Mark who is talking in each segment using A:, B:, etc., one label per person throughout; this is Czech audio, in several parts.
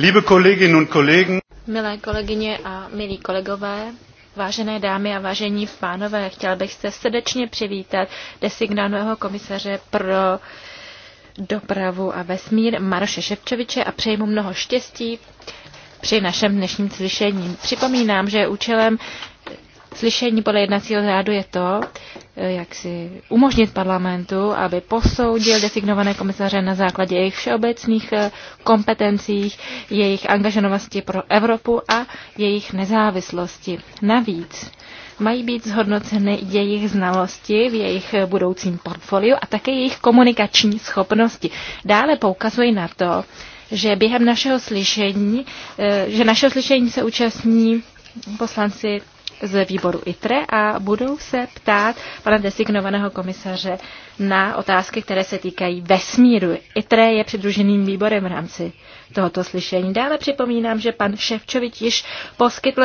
A: Liebe Kolleginnen und Kollegen, Milé kolegyně a milí kolegové, vážené dámy a vážení pánové, chtěl bych se srdečně přivítat designánového komisaře pro dopravu a vesmír Maroše Ševčoviče a přeji mu mnoho štěstí při našem dnešním slyšení. Připomínám, že účelem slyšení podle jednacího řádu je to, eh, jak si umožnit parlamentu, aby posoudil designované komisaře na základě jejich všeobecných eh, kompetencích, jejich angažovanosti pro Evropu a jejich nezávislosti. Navíc mají být zhodnoceny jejich znalosti v jejich eh, budoucím portfoliu a také jejich komunikační schopnosti. Dále poukazují na to, že během našeho slyšení, že našeho slyšení se účastní poslanci z výboru ITRE a budou se ptát pana designovaného komisaře na otázky, které se týkají vesmíru. ITRE je přidruženým výborem v rámci tohoto slyšení. Dále připomínám, že pan Ševčovič již poskytl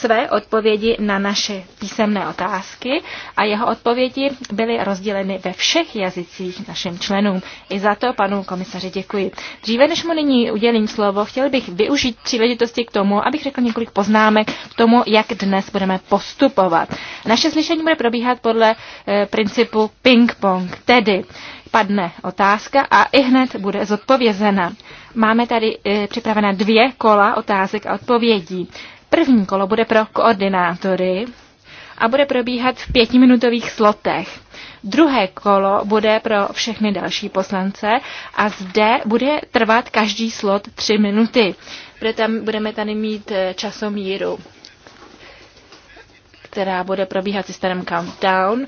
A: své odpovědi na naše písemné otázky a jeho odpovědi byly rozděleny ve všech jazycích našim členům. I za to panu komisaři děkuji. Dříve než mu nyní udělím slovo, chtěl bych využít příležitosti k tomu, abych řekl několik poznámek k tomu, jak dnes budeme postupovat. Naše slyšení bude probíhat podle e, principu ping-pong, tedy padne otázka a i hned bude zodpovězena. Máme tady e, eh, připravena dvě kola otázek a odpovědí. První kolo bude pro koordinátory a bude probíhat v pětiminutových slotech. Druhé kolo bude pro všechny další poslance a zde bude trvat každý slot tři minuty. Bude tam, budeme tady mít eh, časomíru, která bude probíhat systémem countdown.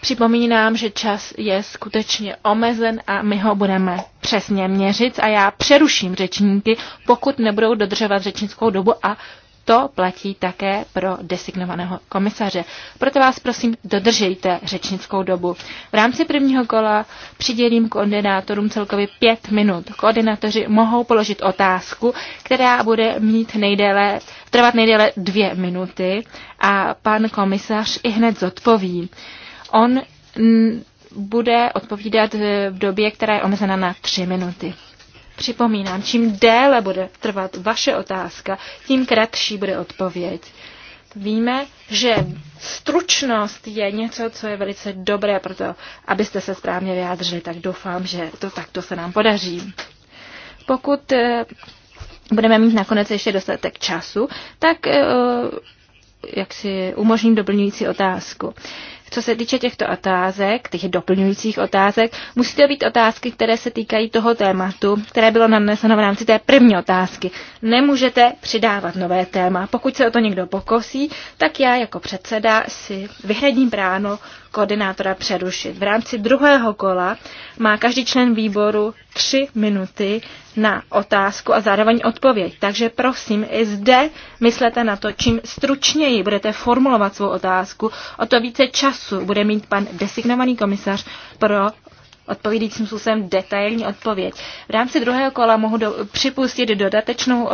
A: Připomínám, že čas je skutečně omezen a my ho budeme přesně měřit a já přeruším řečníky, pokud nebudou dodržovat řečnickou dobu a to platí také pro designovaného komisaře. Proto vás prosím, dodržejte řečnickou dobu. V rámci prvního kola přidělím koordinátorům celkově pět minut. Koordinátoři mohou položit otázku, která bude mít nejdéle, trvat nejdéle dvě minuty a pan komisař i hned zodpoví. On bude odpovídat v době, která je omezena na tři minuty. Připomínám, čím déle bude trvat vaše otázka, tím kratší bude odpověď. Víme, že stručnost je něco, co je velice dobré pro to, abyste se správně vyjádřili, tak doufám, že to takto se nám podaří. Pokud eh, budeme mít nakonec ještě dostatek času, tak eh, jak si umožním doplňující otázku co se týče těchto otázek, těch doplňujících otázek, musí to být otázky, které se týkají toho tématu, které bylo naneseno v rámci té první otázky. Nemůžete přidávat nové téma. Pokud se o to někdo pokosí, tak já jako předseda si vyhradím práno koordinátora přerušit. V rámci druhého kola má každý člen výboru tři minuty na otázku a zároveň odpověď. Takže prosím, i zde myslete na to, čím stručněji budete formulovat svou otázku, o to více času bude mít pan designovaný komisař pro odpovídajícím způsobem detailní odpověď. V rámci druhého kola mohu do, připustit dodatečnou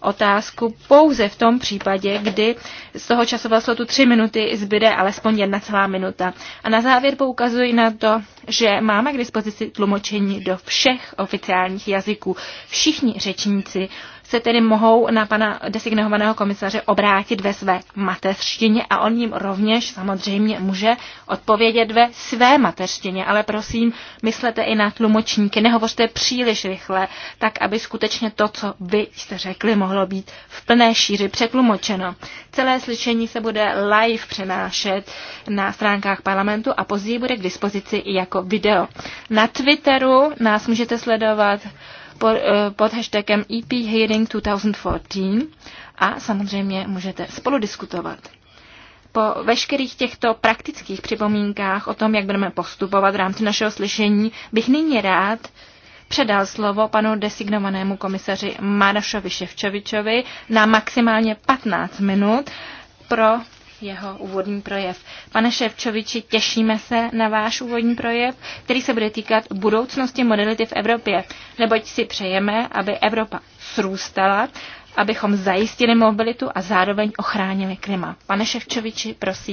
A: otázku pouze v tom případě, kdy z toho časového slotu tři minuty zbyde alespoň jedna celá minuta. A na závěr poukazuji na to, že máme k dispozici tlumočení do všech oficiálních jazyků. Všichni řečníci se tedy mohou na pana designovaného komisaře obrátit ve své mateřštině a on jim rovněž samozřejmě může odpovědět ve své mateřštině. Ale prosím, myslete i na tlumočníky, nehovořte příliš rychle, tak aby skutečně to, co vy jste řekli, mohlo být v plné šíři přetlumočeno. Celé slyšení se bude live přenášet na stránkách parlamentu a později bude k dispozici i jako video. Na Twitteru nás můžete sledovat pod, eh, pod hashtagem EP Hearing 2014 a samozřejmě můžete spolu diskutovat. Po veškerých těchto praktických připomínkách o tom, jak budeme postupovat v rámci našeho slyšení, bych nyní rád předal slovo panu designovanému komisaři Marašovi Ševčovičovi na maximálně 15 minut pro jeho úvodní projev. Pane Ševčoviči, těšíme se na váš úvodní projev, který se bude týkat budoucnosti modality v Evropě, neboť si přejeme, aby Evropa srůstala, abychom zajistili mobilitu a zároveň ochránili klima. Pane Ševčoviči, prosím.